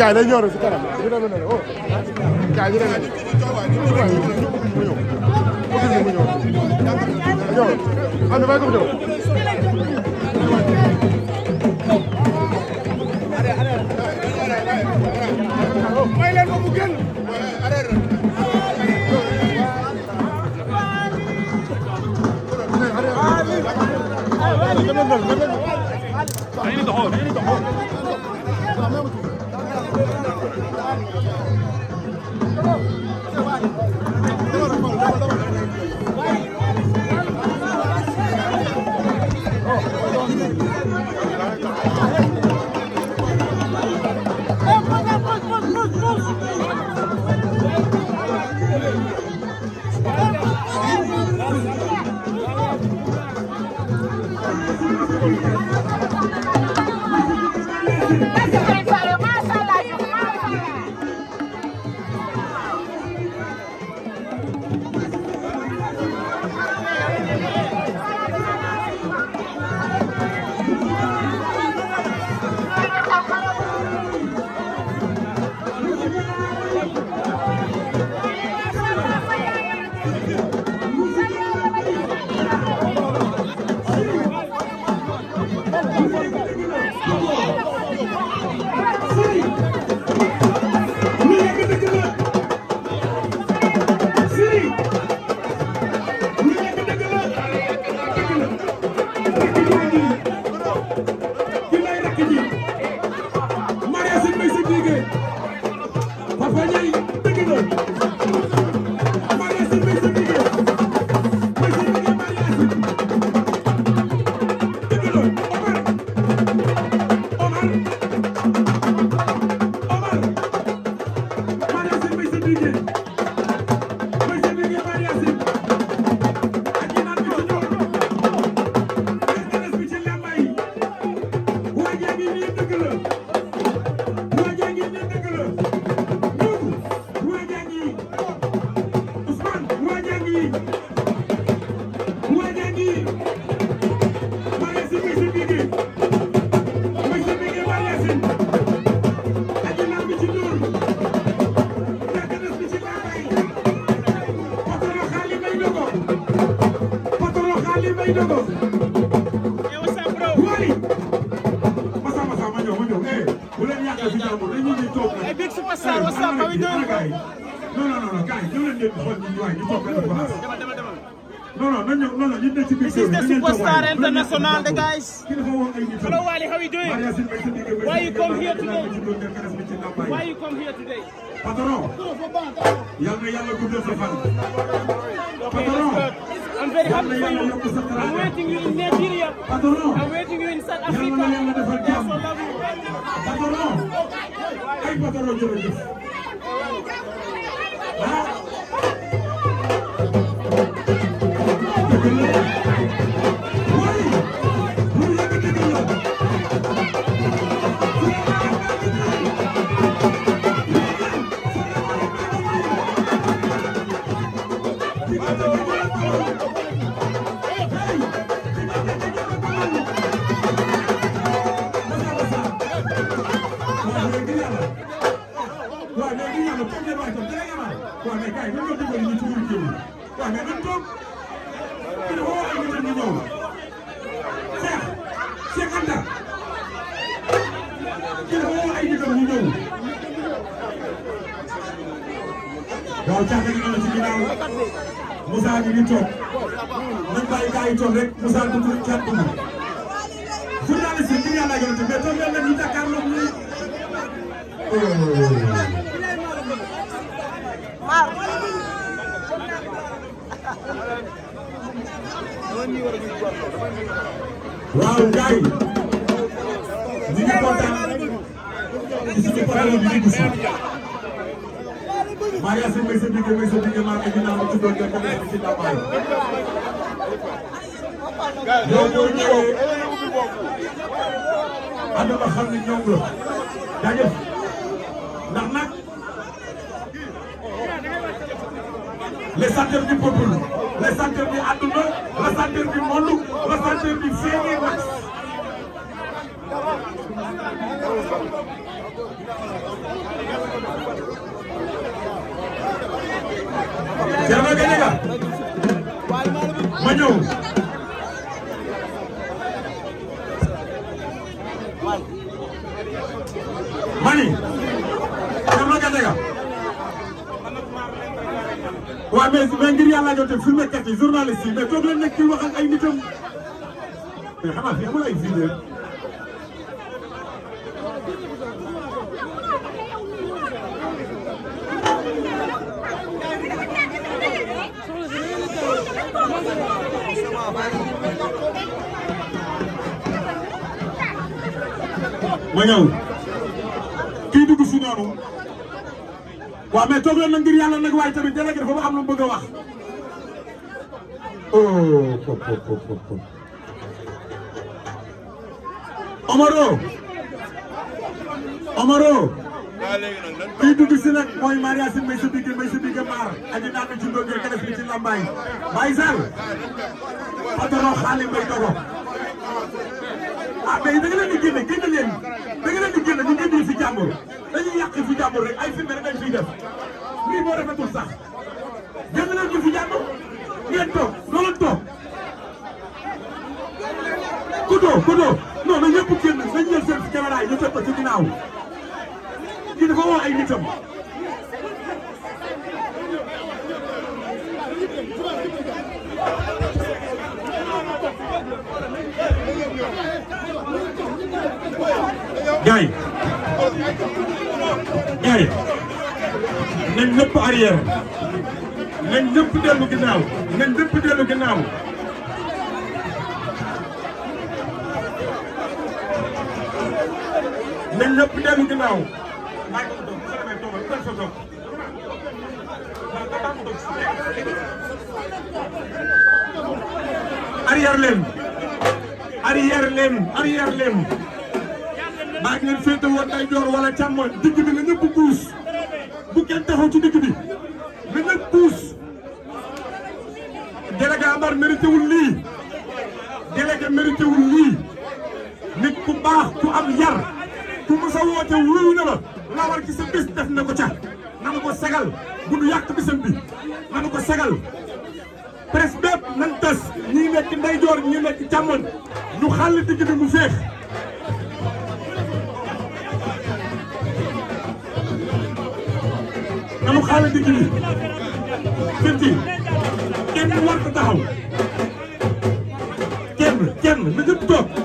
gaay day ñëw rek si kanam ñu demee noonu oh gaay ñu demee mu ñëw mu ñëw ñëw am na bay ko ñëw may leen ko mu génn Aynen doğru, aynen doğru. Thank you. This is the superstar international, the guys. Hello, Wally, how are you doing? Why you come here today? Why you come here today? Patron, okay, I'm very happy for you. I'm waiting you in Nigeria. I'm waiting you in South Africa. That's so lovely. Patron, mais nan toog kii dafa wax ak ñi ñu ñëw Cheikh Cheikh Anta kii dafa wax ay nitam ñu ñëw waaw caata gi noonu ci ginnaaw Moussa gi ni toog nañ bàyyi gaa yi toog rek Moussa dugg caat dugg journaliste bi yàlla yonte mais toog leen ñu jàkkaarloo ñu oh waaw gars yi ñu ngi kontaan ci suñu panel bi ñu gis. Maria si Mbese Mbike Mbese Mbike maa ngi dinaa ma tuddoon nga ko ci Ndambaay. yow boo ñëwee ànd ba xam ne ñoom la jaajëf ndax nag. les chanteurs du peuple les chanteurs du àdduna les chanteurs du monde les chanteurs du feeñee wax yàlla jotee filmekat yi journaliste yi mais toog leen nekk ci wax ak ay nitam mais xanaa fi amul ay vidéo ma ñëw kii dugg si noonu waaw mais toog leen na ngir yàlla nag waaye tamit délégué dafa am lu mu bëgg a wax oh po po po po po Omaro Omaro kii dugg si nag mooy Maria Sy Mbaye sa bigge Mbaye sa bigge maar aji naan ci ndóol ngeen kalas bi ci lambaay Baye Sall patron xaali Mbaye dogo ah mais da nga leen di génne génne leen da nga génne ñu génne fi jàmbur dañuy yàq fi jàmbur ay fi mel Kodo Kodo non mais ñëpp génn nañ jël seen caméra yi nañ ñëpp dellu ginnaaw nañ ñëpp dellu ginnaaw maa ngi doon toog joor wala càmmoñ digg bi ñëpp puus bu kenn taxaw ci ñëpp puus délégué Amar mérité wul lii délégué mérité wul lii woote wuyu na ma la war ci sa bis na ko ca nanu ko sagal bu nu yàq bisam bi nanu ko sagal presse bépp nan tas ñi nekk ndeyjoor ñi nekk càmmoñ ñu xàll digg bi mu féex nanu xàll digg bi fitti kenn war ko taxaw kenn kenn na ñëpp toog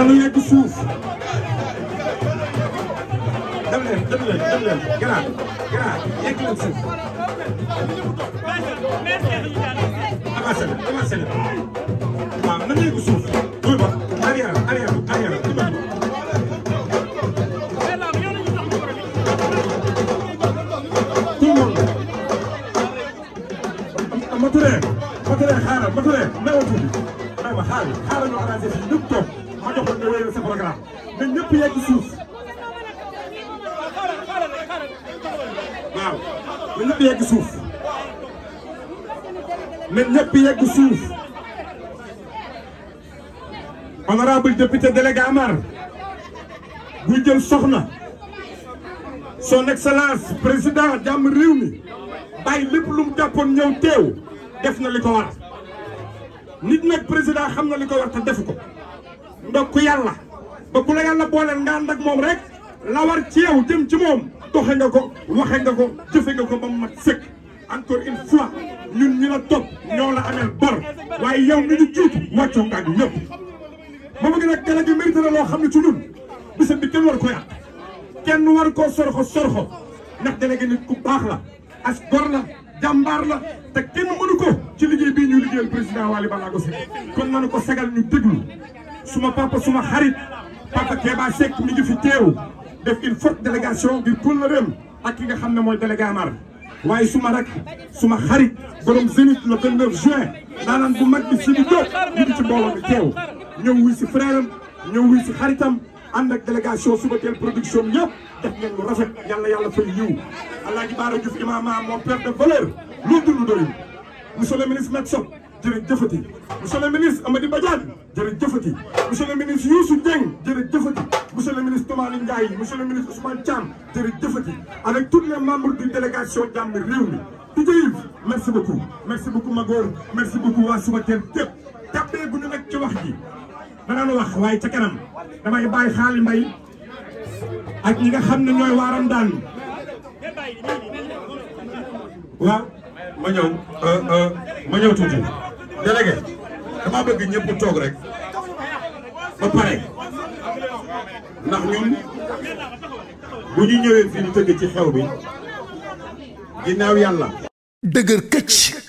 yàlla yegg suuf dem leen dem leen dem leen gannaaw gannaaw yegg leen suuf avancé leen avancé leen waaw na yegg suuf tuuti ba arrière arrière arrière Maturé Maturé xaaral Maturé nawa tuuti xaaral xaaral ñu arrangé fii ñëpp toog ma joxoon nga wéyal sa programme na suuf waaw na ñëpp yegg suuf na ñëpp yegg suuf honorable député délégué Amar buy jël soxna son excellence président jàmm réew mi lépp lu mu jàppoon ñëw teew def na li ko war nit nag président xam na li ko war te defu ko ndokku yàlla ba ku la yàlla booleel nga ànd ak moom rek la war ci yow jëm ci moom doxe nga ko waxe nga ko jëfe nga ko ba mu mat sëkk encore une fois ñun ñu la topp ñoo la ameel bor waaye yow ñu ñu jiitu wàccoo nga ak ñëpp ba bëgg nag gala gi mérité na loo xam ne ci ñun bisam bi kenn war ko yàq kenn war koo sorxo sorxo ndax délégué nit ku baax la as gor la jàmbaar la te kenn mënu ko ci liggéey bii ñu liggéeyal président Waly Ballago Seck kon nanu ko sagal ñu déglu suma papa suma xarit papa Kéba Seck mi fi teew def une forte délégation ngir kóllëreem ak ki nga xam ne mooy délégué Amar waaye suma rak suma xarit borom Zénith le 29 juin daanaan bu mag bi si di jóg ñu ngi ci mbooloo teew ñëw wuy si frère am ñëw wuy si xaritam ànd ak délégation suba teel production ñëpp def ngeen lu rafet yàlla yàlla fay yiw Alaaji Baara Diouf imam moo père de valeur loolu dund doyul monsieur le ministre Macky jërëjëfati monsieur le ministre Amady Badiane jërëjëfati monsieur le ministre Youssou Dieng jërëjëfati monsieur le ministre Toumani Ndiaye monsieur le ministre Ousmane Thiam jërëjëfati avec tous les membres du délégation Jàmmi Réew mi DJ Yves merci beaucoup merci beaucoup Magor merci beaucoup waa suba teel képp jàppee bu ñu nekk ci wax ji danaan wax waaye ca kanam damay bàyyi xaali mbay ak ñi nga xam ne ñooy waaram daan waaw ma ñëw euh, euh, ma ñëw tuuti délégué dama bëgg ñëpp toog rek ba pare ñun bu ñu ñëwee fi ñu tëgg ci xew bi ginnaaw yàlla. dëgër këcc.